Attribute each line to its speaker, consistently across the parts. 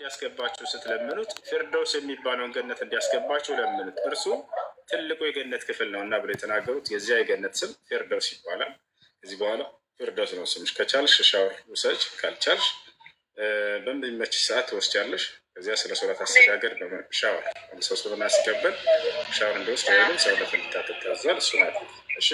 Speaker 1: እንዲያስገባችሁ ስትለምኑት ፊርደውስ የሚባለውን ገነት እንዲያስገባችሁ ለምኑት፣ እርሱ ትልቁ የገነት ክፍል ነው እና ብሎ የተናገሩት የዚያ የገነት ስም ፊርደውስ ይባላል። ከዚህ በኋላ ፊርደውስ ነው ስምሽ። ከቻልሽ ሻወር ውሰጅ፣ ካልቻልሽ በሚመች ሰዓት ትወስጃለሽ። ከዚያ ስለ ሶላት አስተጋገድ ሻወር ሰው ስለሆነ ያስቀበል ሻወር እንደወስድ ወይም ሰውነት እንዲታጠብ እሱ እሱን እሺ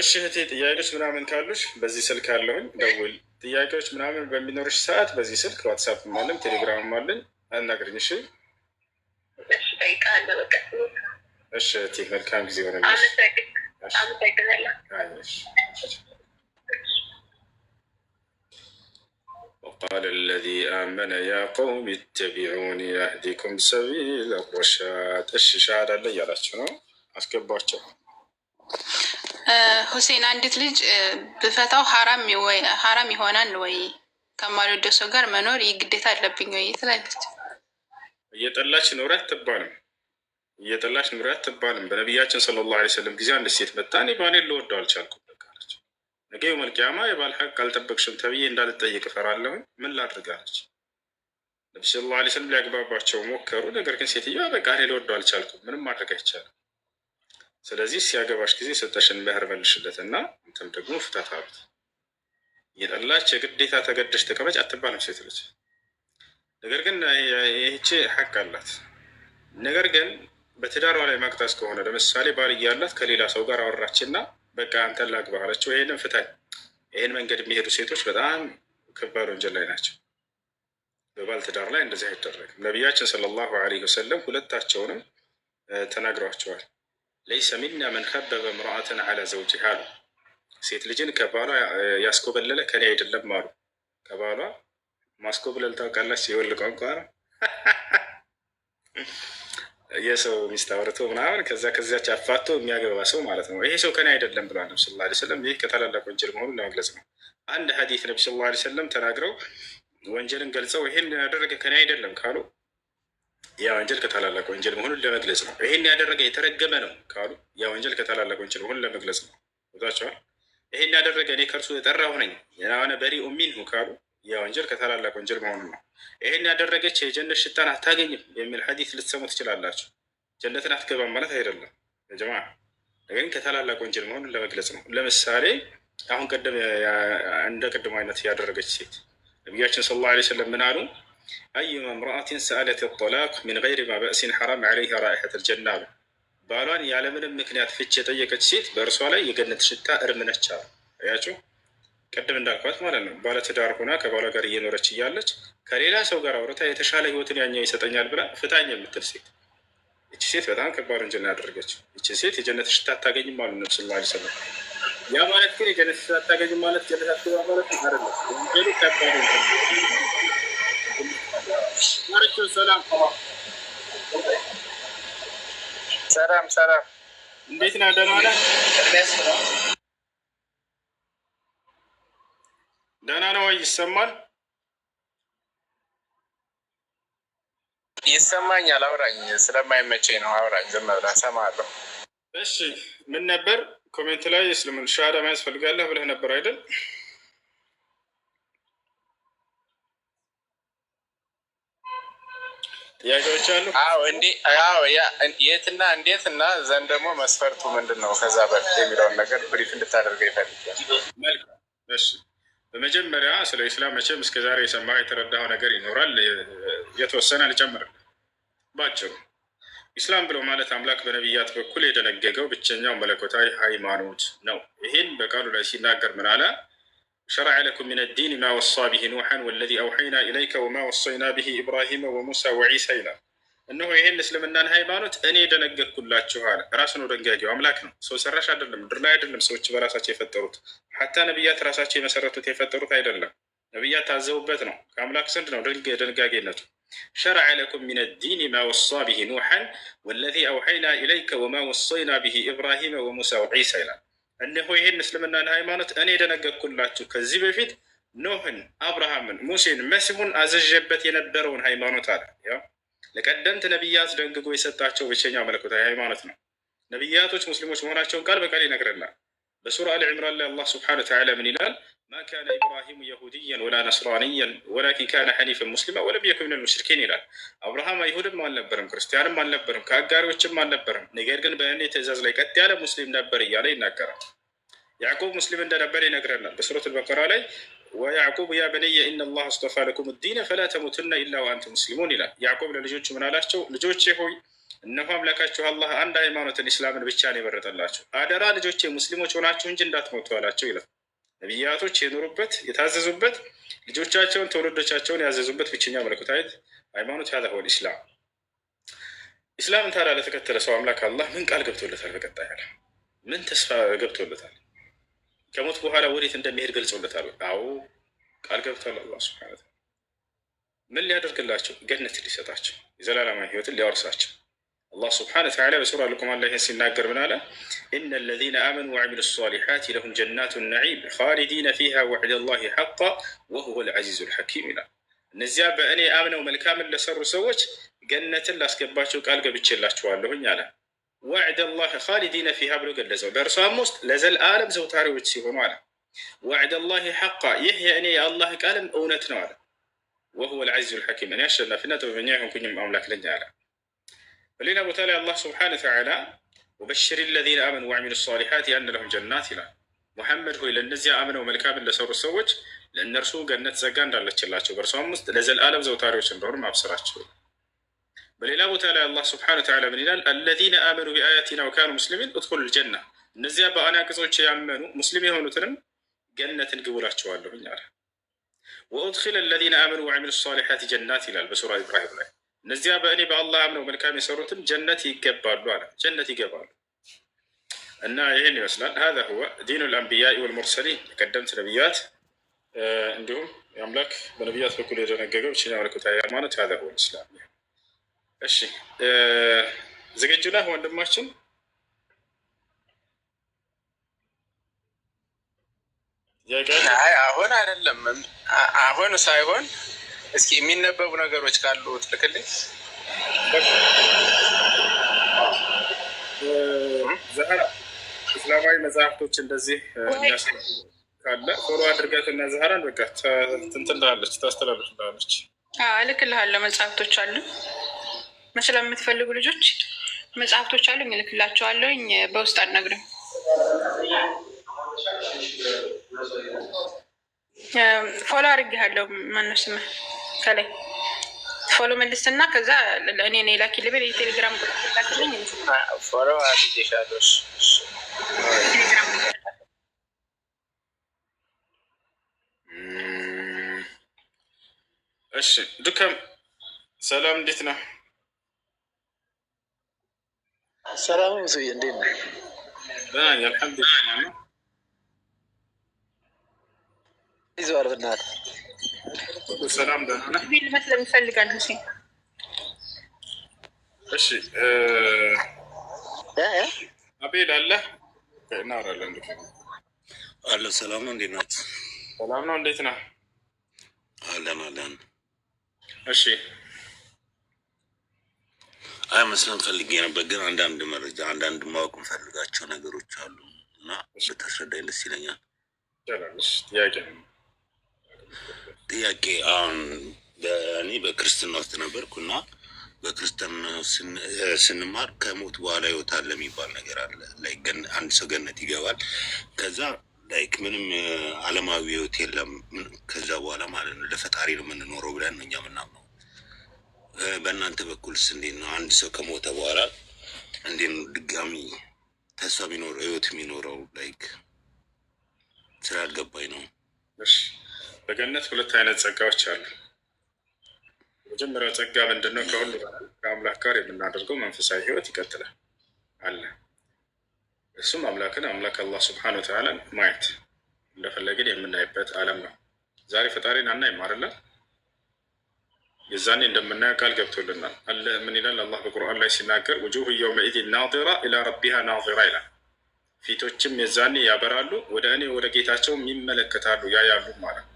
Speaker 1: እሺ እህቴ ጥያቄዎች ምናምን ካሉሽ በዚህ ስልክ አለሁኝ፣ ደውል። ጥያቄዎች ምናምን በሚኖርሽ ሰዓት በዚህ ስልክ ዋትሳፕ አለን፣ ቴሌግራም አለን፣ አናግርኝ። እሺ እሺ እህቴ መልካም ጊዜ ሆነ። وقال الذي آمن يا قوم اتبعوني أهدكم سبيل الرشاد እሺ ሻሃዳ ላይ ያላችሁ ነው አስገባቸው
Speaker 2: ሁሴን አንዲት ልጅ ብፈታው ሀራም ይሆናል ወይ? ከማልወደው ሰው ጋር መኖር ግዴታ አለብኝ ወይ ትላለች።
Speaker 1: እየጠላች ኑሪ አትባልም፣ እየጠላች ኑሪ አትባልም። በነቢያችን ሰለላሁ ዐለይሂ ወሰለም ጊዜ አንድ ሴት መጣ፣ እኔ ባሌን ልወደው አልቻልኩም አለች። ነገ መልቅያማ የባል ሀቅ አልጠበቅሽም ተብዬ እንዳልጠይቅ እፈራለሁ፣ ምን ላድርጋለች? ነቢ ሰለላሁ ዐለይሂ ወሰለም ሊያግባባቸው ሞከሩ። ነገር ግን ሴትዮዋ በቃ ልወደው አልቻልኩም፣ ምንም ማድረግ አይቻልም ስለዚህ ሲያገባሽ ጊዜ ሰጠሽን መህር መልሽለት እና እንትም ደግሞ ፍታት አሉት። የጠላች የግዴታ ተገደሽ ተቀመጭ አትባልም ሴት ልጅ። ነገር ግን ይህቺ ሀቅ አላት። ነገር ግን በትዳሯ ላይ ማቅጣት ከሆነ ለምሳሌ ባል እያላት ከሌላ ሰው ጋር አወራችና በቃ አንተን ላግባ አለችው። ይህንን ፍታኝ። ይህን መንገድ የሚሄዱ ሴቶች በጣም ከባድ ወንጀል ላይ ናቸው። በባል ትዳር ላይ እንደዚህ አይደረግም። ነቢያችን ሰለላሁ ዐለይሂ ወሰለም ሁለታቸውንም ተናግረዋቸዋል። ለይሰ ሚና መን ከበበ ምርአትን አላ ዘውጅሃ አሉ። ሴት ልጅን ከባሏ ያስኮበለለ ከኔ አይደለም አሉ። ከባሏ ማስኮብለል ታውቃላች፣ የወል ቋንቋ ነው። የሰው ሚስት አውርቶ ምናምን ከዛ ከዚያች አፋቶ የሚያገባ ሰው ማለት ነው። ይሄ ሰው ከኔ አይደለም ብሏል ነብ ስለ ስለም። ይህ ከታላላቅ ወንጀል መሆኑን ለመግለጽ ነው። አንድ ሐዲስ ነብ ስለ ስለም ተናግረው ወንጀልን ገልጸው ይህን ያደረገ ከኔ አይደለም ካሉ ያ ወንጀል ከታላላቅ ወንጀል መሆኑን ለመግለጽ ነው። ይሄን ያደረገ የተረገመ ነው ካሉ ያ ወንጀል ከታላላቅ ወንጀል መሆኑን ለመግለጽ ነው። ቦታቸዋል ይሄን ያደረገ እኔ ከእርሱ የጠራሁ ነኝ የሆነ በሪኡ ሚንሁ ካሉ ያ ወንጀል ከታላላቅ ወንጀል መሆኑን ነው። ይህን ያደረገች የጀነት ሽታን አታገኝም የሚል ሐዲስ ልትሰሙ ትችላላችሁ። ጀነትን አትገባም ማለት አይደለም ጀማ ግን ከታላላቅ ወንጀል መሆኑን ለመግለጽ ነው። ለምሳሌ አሁን ቀደም እንደ ቅድሞ አይነት ያደረገች ሴት ነቢያችን ሰለላሁ ዐለይሂ ወሰለም ምን አሉ? አዩማ እምርአትን ሰአለት ጠላቅ ሚን ገይሪ ማ ሐራም ዐለይሃ ራኢሐት አልጀና አሉ። ባሏን ያለምንም ምክንያት ፍች የጠየቀች ሴት በእርሷ ላይ የገነት ሽታ እርም ነች አሉ። አያችሁ፣ ቅድም እንዳልኳት ማለት ነው። ባለትዳር ሆና ከባሏ ጋር እየኖረች እያለች ከሌላ ሰው ጋር አውርታ የተሻለ ህይወትን ያኛው ይሰጠኛል ብላ ፍታኝ የምትል ሴት ይቺ ሴት በጣም ከባድ ወንጀል ያደረገችው ይቺ ሴት የጀነት ሽታ አታገኝም አሉ ነብስ ላ ሰለም። ያ ማለት ግን የጀነት ሽታ አታገኝም ማለት ጀነት ማለት ወንጀሉ ከባድ ወንጀል
Speaker 3: ሰላም ሰላም፣
Speaker 1: እንዴት ነህ? ደህና ነህ? ደህና ነው ወይ? ይሰማል?
Speaker 3: ይሰማኛል። አውራኝ፣ ስለማይመቸኝ ነው። አውራኝ፣ ዝም ብለህ እሰማለሁ።
Speaker 1: እሺ፣ ምን ነበር ኮሜንት ላይ እስልምና ሻሃዳ መያዝ ብለህ ነበር አይደል? ጥያቄዎች
Speaker 3: አሉ። የትና እንዴት እና ዘንድ ደግሞ መስፈርቱ ምንድን ነው? ከዛ በፊት የሚለውን ነገር ብሪፍ እንድታደርገው
Speaker 1: ይፈልጋል። በመጀመሪያ ስለ ኢስላም መቼም እስከዛሬ የሰማ የተረዳኸው ነገር ይኖራል። የተወሰነ አልጨምርልህ። ባጭሩ ኢስላም ብሎ ማለት አምላክ በነቢያት በኩል የደነገገው ብቸኛው መለኮታዊ ሃይማኖት ነው። ይህን በቃሉ ላይ ሲናገር ምን አለ? شرع لكم من الدين ما وصى به ኑሐን ወለዚ አውሐይና ኢለይከ ወማ ወሰይና ብሂ ኢብራሂመ ወሙሳ ወዒሳ ይላል። እነሆ ይሄን እስልምናን ሃይማኖት እኔ ደነገግኩላችሁ አለ። ራስ ነው ደንጋጊው፣ አምላክ ነው፣ ሰው ሰራሽ አይደለም። ምድር ላይ አይደለም ሰዎች በራሳቸው የፈጠሩት ሐታ ነቢያት ራሳቸው የመሰረቱት የፈጠሩት አይደለም። ነቢያት ታዘቡበት ነው፣ ከአምላክ ዘንድ ነው ደንጋጌነቱ። ሸረዐ ለኩም ሚነ ዲን ማ ወሳ ብሂ ኑሐን ወለዚ አውሐይና ኢለይከ ወማ ወሰይና ብሂ ኢብራሂመ ወሙሳ ወዒሳ ይላል። እነሆ ይህን እስልምናን ሃይማኖት እኔ የደነገግኩላችሁ ከዚህ በፊት ኖህን፣ አብርሃምን፣ ሙሴን፣ መሲሁን አዘዤበት የነበረውን ሃይማኖት አለ። ያው ለቀደምት ነቢያት ደንግጎ የሰጣቸው ብቸኛው መለኮታዊ ሃይማኖት ነው። ነቢያቶች ሙስሊሞች መሆናቸውን ቃል በቃል ይነግረናል። በሱራ አል ዕምራን ላይ አላህ ስብሓነሁ ወተዓላ ምን ይላል? ማ ካነ ኢብራሂሙ የሁድያን ወላ ነስራንያን ወላኪን ካነ ሐኒፈን ሙስሊማ ወለም የኩን ሚነል ሙሽሪኪን ይላል። አብርሃም አይሁድም አልነበርም፣ ክርስቲያንም አልነበርም፣ ከአጋሪዎችም አልነበርም። ነገር ግን በእኔ ትእዛዝ ላይ ቀጥ ያለ ሙስሊም ነበር እያለ ይናገራል። ያዕቁብ ሙስሊም እንደነበር ይነግረናል በሱረት አልበቀራ ላይ ወያዕቁብ ያ በነየ ኢና ላህ አስጠፋ ለኩም ዲነ ፈላ ተሙቱና ኢላ ወአንቱም ሙስሊሙን ይላል። ያዕቁብ ለልጆቹ ምን አላቸው? ልጆቼ ሆይ እነሆ አምላካችሁ አላህ አንድ ሃይማኖትን እስላምን ብቻ ነው የመረጠላችሁ። አደራ ልጆቼ ሙስሊሞች ሆናችሁ እንጂ እንዳትሞቱ አላቸው ይላል። ነቢያቶች የኖሩበት የታዘዙበት ልጆቻቸውን ትውልዶቻቸውን ያዘዙበት ብቸኛ መለኮታዊ ሃይማኖት ያ ሆል ኢስላም። ኢስላምን ታዲያ ለተከተለ ሰው አምላክ አላህ ምን ቃል ገብቶለታል? በቀጣይ ያለ ምን ተስፋ ገብቶለታል? ከሞት በኋላ ወዴት እንደሚሄድ ገልጾለታል? አዎ ቃል ገብቷል። አላህ ሱብሓነሁ ወተዓላ ምን ሊያደርግላቸው? ገነት ሊሰጣቸው፣ የዘላለማዊ ህይወትን ሊያወርሳቸው አላህ ስብሓነ ወተዓላ በሱራ ልቁማን ላይ ይህን ሲናገር ምን አለ? ኢነ አለዚነ አመኑ ወዐሚሉ ሷሊሓት ለሁም ጀናቱ ነዒም ኻሊዲነ ፊሃ ወዕደ ላሂ ሐቃ ወሁወ ልዐዚዙ ልሐኪም ይላል። እነዚያ በእኔ አምነው መልካምን ለሰሩ ሰዎች ገነትን ላስገባቸው ቃል ገብቼላችኋለሁኝ አለ። ወዕደ ላሂ ኻሊዲነ ፊሃ ብሎ ገለጸው። በእርሷም ውስጥ ለዘልዓለም ዘውታሪዎች ሲሆኑ አለ። ወዕደ ላሂ ሐቃ ይህ የእኔ የአላህ ቃልም እውነት ነው አለ። ወሁወ ልዐዚዙ ልሐኪም እኔ አሸናፊና ጥበበኛ የሆንኩኝም አምላክ ነኝ አለ። فلينا بتالى الله سبحانه وتعالى وبشر الذين امنوا وعملوا الصالحات ان لهم جنات لا محمد هو للنزي امن وملكا من لسور السوج لان رسو جنات زقان دار لتشلاته برسوم مست لزل الم زوتاري وشندور ما بسراته بل الى الله سبحانه وتعالى من الال الذين امنوا باياتنا وكانوا مسلمين ادخلوا الجنه نزي ابا انا كزوج يامنوا مسلمي هونو ترم جنه القبولات شوالو بنيار وادخل الذين امنوا وعملوا الصالحات جنات الى بسوره ابراهيم عليه እነዚያ በእኔ በአላህ አምነው መልካም የሰሩትም ጀነት ይገባሉ አለ። ጀነት ይገባሉ እና ይህን ይመስላል። ሀዛ ሁወ ዲኑ ልአንብያ ወልሙርሰሊን የቀደምት ነቢያት እንዲሁም የአምላክ በነቢያት በኩል የደነገገው ችን ያመለክታዊ ሃይማኖት ሀዛ ሁወ ልእስላም። እሺ ዝግጁ ነህ ወንድማችን?
Speaker 3: አሁን አይደለም አሁን ሳይሆን እስኪ የሚነበቡ ነገሮች ካሉ ትልክልኝ።
Speaker 1: ዛህራ እስላማዊ መጽሐፍቶች እንደዚህ ካለ ቶሎ አድርጋትና ዛህራን በቃ እንትን ትላለች ታስተላለች ትላለች።
Speaker 2: እልክልሃለሁ። መጽሐፍቶች አሉ መስለ የምትፈልጉ ልጆች መጽሐፍቶች አሉ፣ እልክላቸዋለሁኝ። በውስጥ አልነግርም። ፎሎ አድርጌሃለሁ። ማነው ስምህ? ከላይ ፎሎ መልስና ከዛ እኔ ኔ ላኪ ልብል የቴሌግራም ቁጥርላችኝ
Speaker 3: ፎሎ
Speaker 1: እሺ ዱከም ሰላም፣ እንዴት ነው?
Speaker 3: ሰላም ምስዬ፣ እንዴት ነው?
Speaker 1: አልሐምዱሊላህ
Speaker 3: ይዘዋል ብናት
Speaker 1: ሰላም ደህና
Speaker 2: ነህ? ልመስለም ይፈልጋል።
Speaker 1: እሺ አቤል አለ እናወራለን።
Speaker 4: አለ ሰላም ነው። እንዴት ናት?
Speaker 1: ሰላም ነው። እንዴት ነህ? አለን አለን። እሺ
Speaker 4: አይ መስለም ፈልጌ ነበር፣ ግን አንዳንድ መረጃ አንዳንድ ማወቅ እንፈልጋቸው ነገሮች አሉ እና ብታስረዳኝ ደስ ይለኛል። ጥያቄ ነው ጥያቄ አሁን እኔ በክርስትና ውስጥ ነበርኩ እና በክርስትና ስንማር ከሞት በኋላ ህይወት አለ የሚባል ነገር አለ። አንድ ሰው ገነት ይገባል። ከዛ ላይክ ምንም አለማዊ ህይወት የለም ከዛ በኋላ ማለት ነው። ለፈጣሪ ነው የምንኖረው ብለን ነው እኛ ምናምነው። በእናንተ በኩልስ እንዴት ነው? አንድ ሰው ከሞተ በኋላ እንዴት ነው ድጋሚ ተስፋ የሚኖረው ህይወት የሚኖረው? ላይክ ስላልገባኝ ነው።
Speaker 1: በገነት ሁለት አይነት ጸጋዎች አሉ። መጀመሪያው ጸጋ ምንድነው ከሁሉ ከአምላክ ጋር የምናደርገው መንፈሳዊ ህይወት ይቀጥላል አለ። እሱም አምላክን አምላክ አላህ ስብሐነ ወተዓላ ማየት እንደፈለግን የምናይበት ዓለም ነው። ዛሬ ፈጣሪን አናይም አይደለ? የዛኔ እንደምናየው ቃል ገብቶልናል። አለ ምን ይላል አላህ በቁርአን ላይ ሲናገር ውጁህ የውመኢዚን ናዚራ ኢላ ረቢሃ ናዚራ ይላል። ፊቶችም የዛኔ ያበራሉ፣ ወደ እኔ ወደ ጌታቸውም ይመለከታሉ፣ ያያሉ ማለት ነው።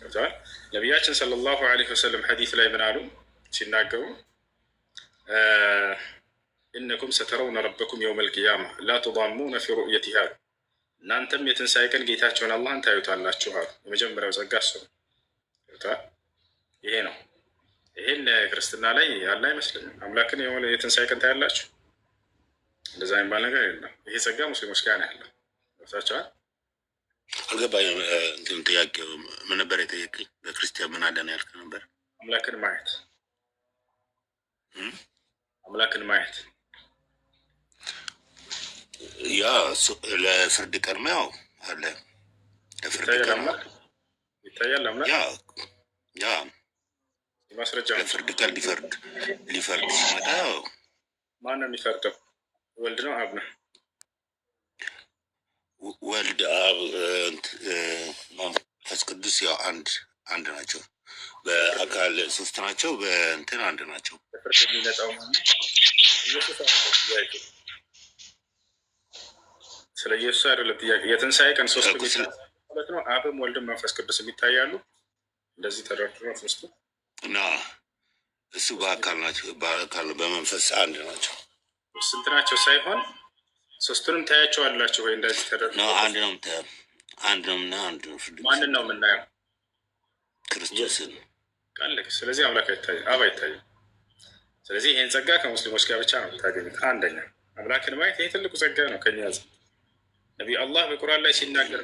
Speaker 1: ገብተዋል። ነቢያችን ሰለላሁ ዐለይሂ ወሰለም ሐዲስ ላይ ምን አሉ ሲናገሩ እነኩም ሰተረውነ ረበኩም የውመል ቂያማ ላ ቱዳሙነ ፊ ሩእየቲህ አሉ። እናንተም የትንሣኤ ቀን ጌታቸውን አላህን ታዩታላችሁ አሉ። የመጀመሪያው ጸጋ እሱ ነው። ይሄ ነው። ይሄን ክርስትና ላይ ያለ አይመስለኝም። አምላክን የትንሣኤ ቀን ታያላችሁ እንደዛ የሚባል ነገር የለም። ይሄ ጸጋ ሙስሊሞች ጋር ነው ያለው። ገብታችኋል።
Speaker 4: አልገባኝም። እንትን ጥያቄ ምን ነበር የጠየቅኝ? በክርስቲያን ምን አለን ያልክ ነበር።
Speaker 1: አምላክን ማየት አምላክን ማየት
Speaker 4: ያ ለፍርድ ቀድመ ያው አለ
Speaker 1: ለፍርድ ቀድሞ ይታያል።
Speaker 4: ለፍርድ ቀን ሊፈርድ ሊፈርድ ሲመጣ
Speaker 1: ማን ነው የሚፈርደው? ወልድ ነው አብ ነው
Speaker 4: ወልድ አብ መንፈስ ቅዱስ ያው አንድ አንድ ናቸው። በአካል ሶስት ናቸው፣ በእንትን አንድ ናቸው።
Speaker 1: ስለ ኢየሱስ አይደለም ጥያቄ። የትንሳኤ ቀን ሶስት ማለት ነው። አብም ወልድም መንፈስ ቅዱስ የሚታያሉ። እንደዚህ ተደርድሮ ሶስቱ
Speaker 4: እና እሱ በአካል ናቸው። በአካል በመንፈስ አንድ ናቸው።
Speaker 1: ስንት ናቸው ሳይሆን ሶስቱንም ታያቸዋላችሁ ወይ? እንደዚህ ተደርጎ
Speaker 4: አንድ ነው የምታየው፣ አንድ ነው የምናየው፣ አንድ ነው
Speaker 1: ማንን ነው የምናየው? ክርስቶስን ቃል። ስለዚህ አምላክ አይታይም፣ አብ አይታይም። ስለዚህ ይህን ጸጋ ከሙስሊሞች ጋር ብቻ ነው የምታገኙት። አንደኛ አምላክን ማየት ይህ ትልቁ ጸጋ ነው። ከኛ ዘ ነቢይ አላህ በቁርአን ላይ ሲናገር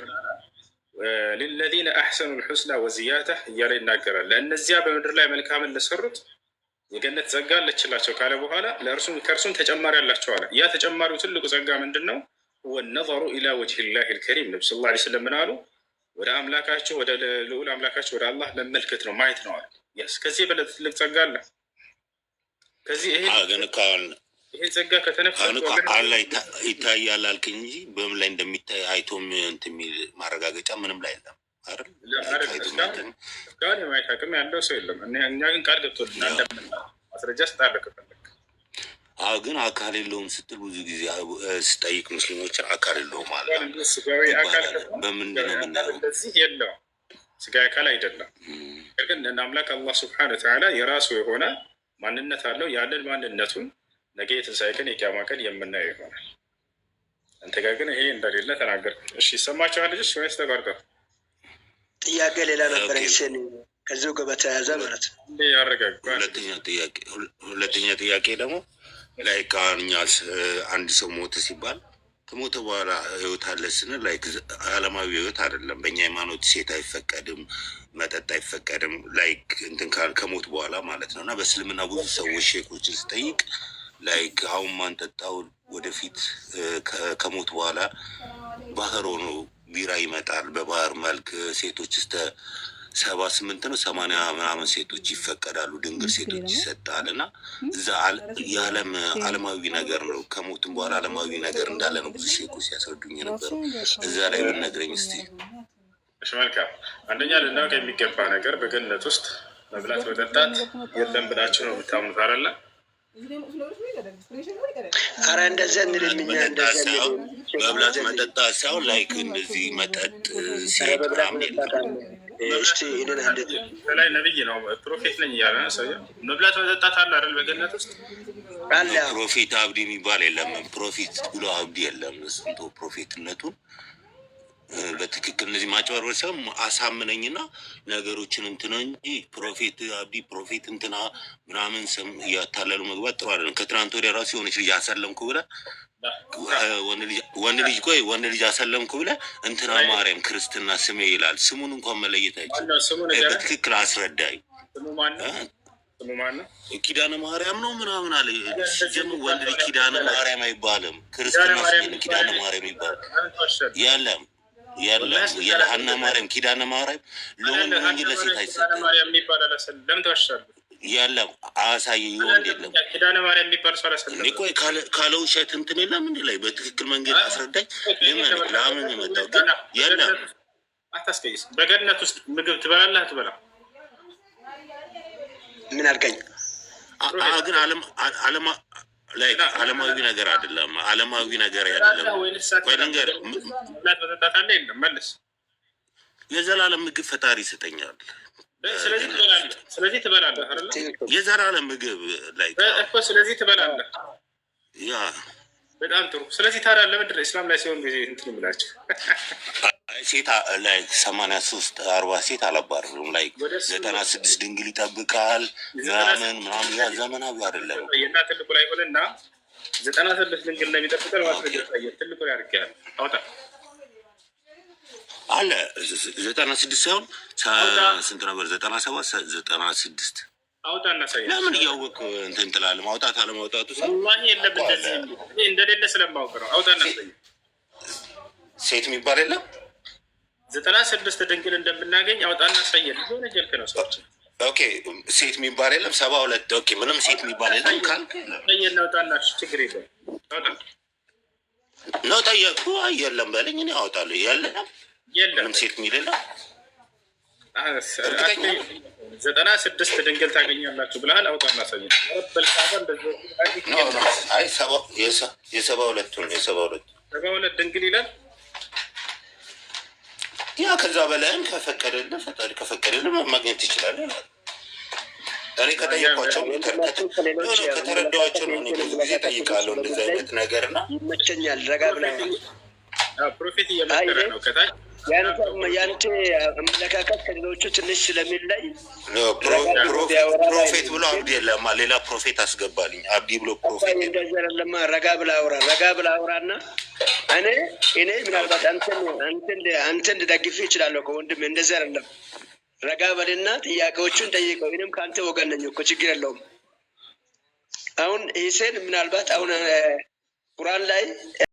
Speaker 1: ሊለዚነ አሕሰኑ ልሑስና ወዝያታ እያለ ይናገራል። ለእነዚያ በምድር ላይ መልካምን ለሰሩት የገነት ጸጋ አለችላቸው ካለ በኋላ ከእርሱም ተጨማሪ አላቸው አለ። ያ ተጨማሪው ትልቁ ጸጋ ምንድን ነው? ወነظሩ ኢላ ወጅህ ላህ ልከሪም ነብ ስለ ላ ስለም ምን አሉ? ወደ አምላካቸው ወደ ልዑል አምላካቸው ወደ አላህ መመልከት ነው ማየት ነው አለ። ያስ ከዚህ የበለጠ ትልቅ ጸጋ አለ። ከዚህ
Speaker 4: ይሄ ጸጋ ከተነፈአላ ይታያል አልክ እንጂ በምን ላይ እንደሚታይ አይቶም እንትን የሚል ማረጋገጫ ምንም ላይ የለም።
Speaker 1: አይደል የማየት አቅም ያለው ሰው የለም። እኛ ግን ቃል ገብቶልናል። ማስረጃ ስጣለህ ከፈለግ
Speaker 4: ግን አካል የለውም ስትል ብዙ ጊዜ ስጠይቅ ሙስሊሞችን አካል የለውም አለ።
Speaker 1: በምንድን ነው የምናየው? እንደዚህ የለውም ስጋ አካል አይደለም። ነገር ግን አምላክ አላህ ስብሐነ ወተዓላ የራሱ የሆነ ማንነት አለው። ያንን ማንነቱን ነገ የትንሣኤ ቀን የቂያማ ቀን የምናየው ይሆናል። አንተ ጋር ግን ይሄ እንደሌለ ተናገር። እሺ ይሰማችኋል ልጆች ወይስ ተቋርጧል?
Speaker 3: ጥያቄ ሌላ ነበር ይሽን ከዚው ጋር በተያያዘ ማለት ነው።
Speaker 4: ሁለተኛ ጥያቄ ደግሞ ላይ አሁንኛስ አንድ ሰው ሞተ ሲባል ከሞተ በኋላ ህይወት አለ ስንል ላይክ አለማዊ ህይወት አይደለም። በእኛ ሃይማኖት ሴት አይፈቀድም፣ መጠጥ አይፈቀድም። ላይክ እንትን ካል ከሞት በኋላ ማለት ነው እና በእስልምና ብዙ ሰዎች ሼኮችን ስጠይቅ ላይክ አሁን ማንጠጣው ወደፊት ከሞት በኋላ ባህሮ ነው ቢራ ይመጣል በባህር መልክ ሴቶች እስከ ሰባ ስምንት ነው ሰማንያ ምናምን ሴቶች ይፈቀዳሉ። ድንግል ሴቶች ይሰጣል እና እዛ የዓለም አለማዊ ነገር ነው። ከሞትም በኋላ አለማዊ ነገር እንዳለ ነው ብዙ ሼኮች ሲያስረዱኝ የነበረው። እዛ ላይ ብነግረኝ እስቲ።
Speaker 1: እሺ መልካም። አንደኛ ልናውቅ የሚገባ ነገር በገነት ውስጥ መብላት መጠጣት የለም ብላችሁ ነው የምታምኑት አይደለ?
Speaker 4: አረ እንደዚያ እንልልኛ መብላት መጠጣት ሳይሆን ላይክ እንደዚህ መጠጥ ሴት ምናምን
Speaker 1: የለም። ላይ ነብይ ነው ፕሮፌት ነኝ እያለ ሰው መብላት መጠጣት አለ አይደል? በገነት ውስጥ
Speaker 4: ፕሮፌት አብዲ የሚባል የለም። ፕሮፌት ብሎ አብዲ የለም። ስንቶ ፕሮፌትነቱን በትክክል እነዚህ ማጭበርበር ሳይሆን አሳምነኝና ነገሮችን እንትና እንጂ ፕሮፌት አብዲ ፕሮፌት እንትና ምናምን ስም እያታለሉ መግባት ጥሩ አይደለም። ከትናንት ወዲያ ራሱ የሆነች ልጅ አሰለምኩ ብለ ወንድ ልጅ ቆይ ወንድ ልጅ አሰለምኩ ብለ እንትና ማርያም ክርስትና ስሜ ይላል። ስሙን እንኳን መለየት አይችልም። በትክክል አስረዳኝ። ኪዳነ ማርያም ነው ምናምን አለ። ሲጀምር ወንድ ልጅ ኪዳነ ማርያም አይባልም። ክርስትና ስሜ ኪዳነ ማርያም ይባላል። የለም የለም የለሀና ማርያም ኪዳነ ማርያም ለወንድ ለሴት አይሰጥም። የለም አሳይ የወንድ የለም። ቆይ ካለ ውሸት እንትን የለም እንዲ ላይ በትክክል መንገድ አስረዳኝ። ለምን ለምን የመጣው ግን የለም።
Speaker 1: አታስቀይስ። በገነት ውስጥ ምግብ ትበላለህ ትበላ
Speaker 4: ምን አድርገኝ ግን ላይ አለማዊ ነገር አይደለም። አለማዊ ነገር አይደለም። ቆይ ልንገርህ፣ የዘላለም ምግብ ፈጣሪ ይሰጠኛል።
Speaker 1: ስለዚህ ትበላለህ።
Speaker 4: የዘላለም ምግብ
Speaker 1: ላይ ስለዚህ ትበላለህ። ያ በጣም ጥሩ። ስለዚህ ታዲያ ለምንድን ነው እስላም ላይ ሲሆን ጊዜ እንትን ብላችሁ
Speaker 4: ሴት ላይክ ሰማንያ ሶስት አርባ ሴት አላባርም ላይክ ዘጠና ስድስት ድንግል ይጠብቃል ምናምን ምናምን ያ ዘመናዊ አይደለም
Speaker 1: እና ትልቁ ላይ ሆነ እና ዘጠና ስድስት ድንግል እንደሚጠብቀን ትልቁ ላይ አድርጌያለሁ። አውጣ
Speaker 4: አለ ዘጠና ስድስት ሳይሆን ስንት ነበር? ዘጠና ሰባት ዘጠና ስድስት አውጣ እናሳየ። ለምን እያወቅ እንትን ትላለህ? ማውጣት አለማውጣቱ
Speaker 1: የለም እንደሌለ ስለማውቅ ነው። አውጣ እናሳየ።
Speaker 4: ሴት የሚባል የለም
Speaker 1: ዘጠና ስድስት ድንግል እንደምናገኝ አውጣና አሳየን። የሆነ ጀልክ
Speaker 4: ነው ሰዎች ኦኬ፣ ሴት የሚባል የለም። ሰባ ሁለት ኦኬ፣ ምንም ሴት የሚባል የለም።
Speaker 1: ካልጠየና ችግር የለም
Speaker 4: ነው ጠየቅኩ። የለም በለኝ፣ እኔ አወጣለሁ። የለም ምንም ሴት የሚል የለም።
Speaker 1: ዘጠና ስድስት ድንግል ታገኛላችሁ ብለሃል። አውጣና አሳየን።
Speaker 4: የሰባ ሁለቱ ነው የሰባ ሁለቱ
Speaker 1: ሰባ ሁለት ድንግል ይላል
Speaker 4: ያ ከዛ በላይም ከፈቀደልህ ፈጣሪ ከፈቀደልህ ማግኘት ይችላል። እኔ ከጠየኳቸው ከተረዳኋቸው ነው። ብዙ ጊዜ ጠይቃለሁ እንደዚህ አይነት ነገር እና
Speaker 1: ይመቸኛል። ረጋ ፕሮፌት ነው ከታች አመለካከት ከሌሎቹ ትንሽ ስለሚለይ
Speaker 4: ፕሮፌት ብሎ አብዲ የለማ ሌላ ፕሮፌት አስገባልኝ። አብዲ ብሎ ፕሮፌት
Speaker 1: ረጋ ብላ አውራ፣ ረጋ ብላ አውራና እኔ እኔ ምናልባት አንተን ልደግፍ ይችላለሁ። ከወንድም እንደዚህ አይደለም። ረጋ በልና ጥያቄዎቹን ጠይቀው። ይህንም ከአንተ ወገን ነኝ እኮ ችግር የለውም። አሁን ሂሴን ምናልባት አሁን ቁርአን ላይ